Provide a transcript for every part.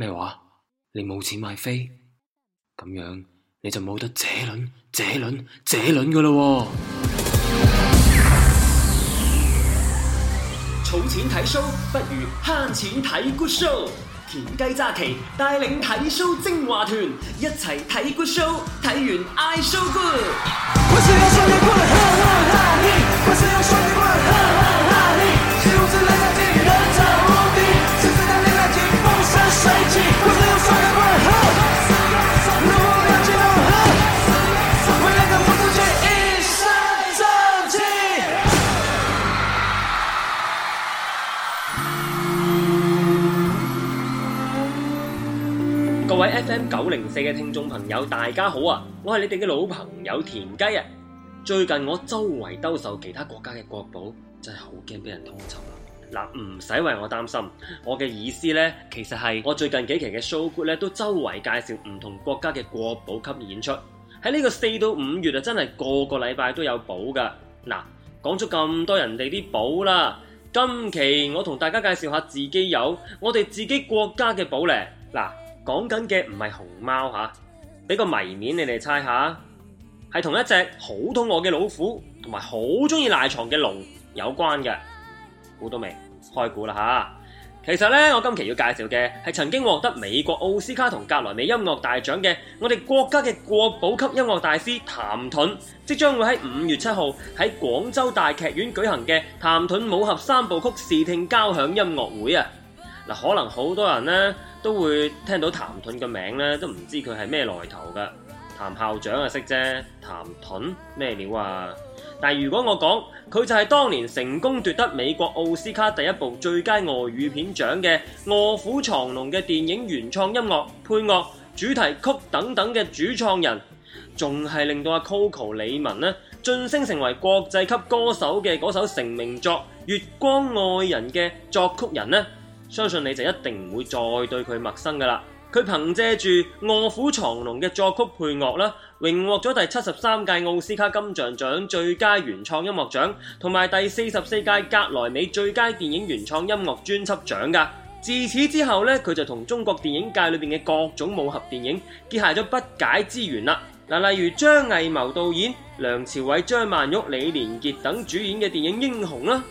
咩話？你冇錢買飛，咁樣你就冇得這輪、這輪、這輪噶啦！㖏，儲錢睇 show 不如慳錢睇 good show，田雞揸旗帶領睇 show 精華團，一齊睇 good show，睇完嗌 show good。我需要 show good，哈哈哈哈！我需要 show g o 各位 FM 九零四嘅聽眾朋友，大家好啊！我係你哋嘅老朋友田雞啊！最近我周圍兜售其他國家嘅國寶，真係好驚俾人通緝啊！嗱，唔使為我擔心，我嘅意思呢，其實係我最近幾期嘅 show good 咧，都周圍介紹唔同國家嘅國寶級演出。喺呢個四到五月啊，真係個個禮拜都有寶噶！嗱、啊，講咗咁多人哋啲寶啦，今期我同大家介紹下自己有我哋自己國家嘅寶呢！嗱、啊。講緊嘅唔係熊貓吓，俾個謎面你哋猜下，係同一隻好肚餓嘅老虎，同埋好中意賴床嘅龍有關嘅，估到未？開估啦吓！其實呢，我今期要介紹嘅係曾經獲得美國奧斯卡同格萊美音樂大獎嘅我哋國家嘅國寶級音樂大師譚盾，即將會喺五月七號喺廣州大劇院舉行嘅譚盾武俠三部曲視聽交響音樂會啊！嗱，可能好多人呢，都會聽到譚盾嘅名咧，都唔知佢係咩來頭噶。譚校長啊，識啫，譚盾咩料啊？但如果我講佢就係當年成功奪得美國奧斯卡第一部最佳外語片獎嘅《卧虎藏龍》嘅電影原創音樂、配樂、主題曲等等嘅主創人，仲係令到阿 Coco 李玟呢晉升成為國際級歌手嘅嗰首成名作《月光愛人》嘅作曲人呢。相信你就一定唔會再對佢陌生噶啦！佢憑借住卧虎藏龍嘅作曲配樂啦，榮獲咗第七十三屆奧斯卡金像獎最佳原創音樂獎，同埋第四十四屆格萊美最佳電影原創音樂專輯獎噶。自此之後咧，佢就同中國電影界裏面嘅各種武俠電影結下咗不解之緣啦。嗱，例如張藝謀導演、梁朝偉、張曼玉、李連杰等主演嘅電影《英雄》啦，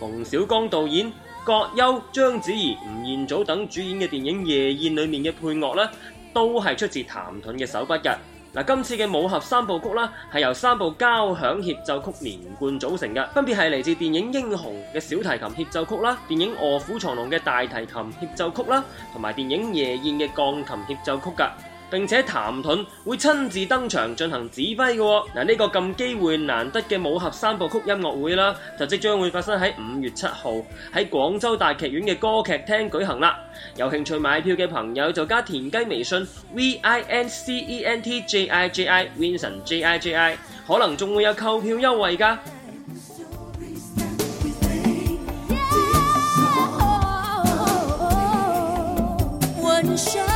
馮小剛導演。葛優、章子怡、吳彥祖等主演嘅電影《夜宴》裏面嘅配樂咧，都係出自譚盾嘅手筆噶。嗱，今次嘅武俠三部曲啦，係由三部交響協奏曲連貫組成嘅，分別係嚟自電影《英雄》嘅小提琴協奏曲啦、電影《臥虎藏龍》嘅大提琴協奏曲啦，同埋電影《夜宴》嘅鋼琴協奏曲噶。並且譚盾會親自登場進行指揮嘅喎，嗱、這、呢個咁機會難得嘅武俠三部曲音樂會啦，就即將會發生喺五月七號喺廣州大劇院嘅歌劇廳舉行啦。有興趣買票嘅朋友就加田雞微信 v i n c e n t j i j i，Vincent j i j i，可能仲會有購票優惠㗎。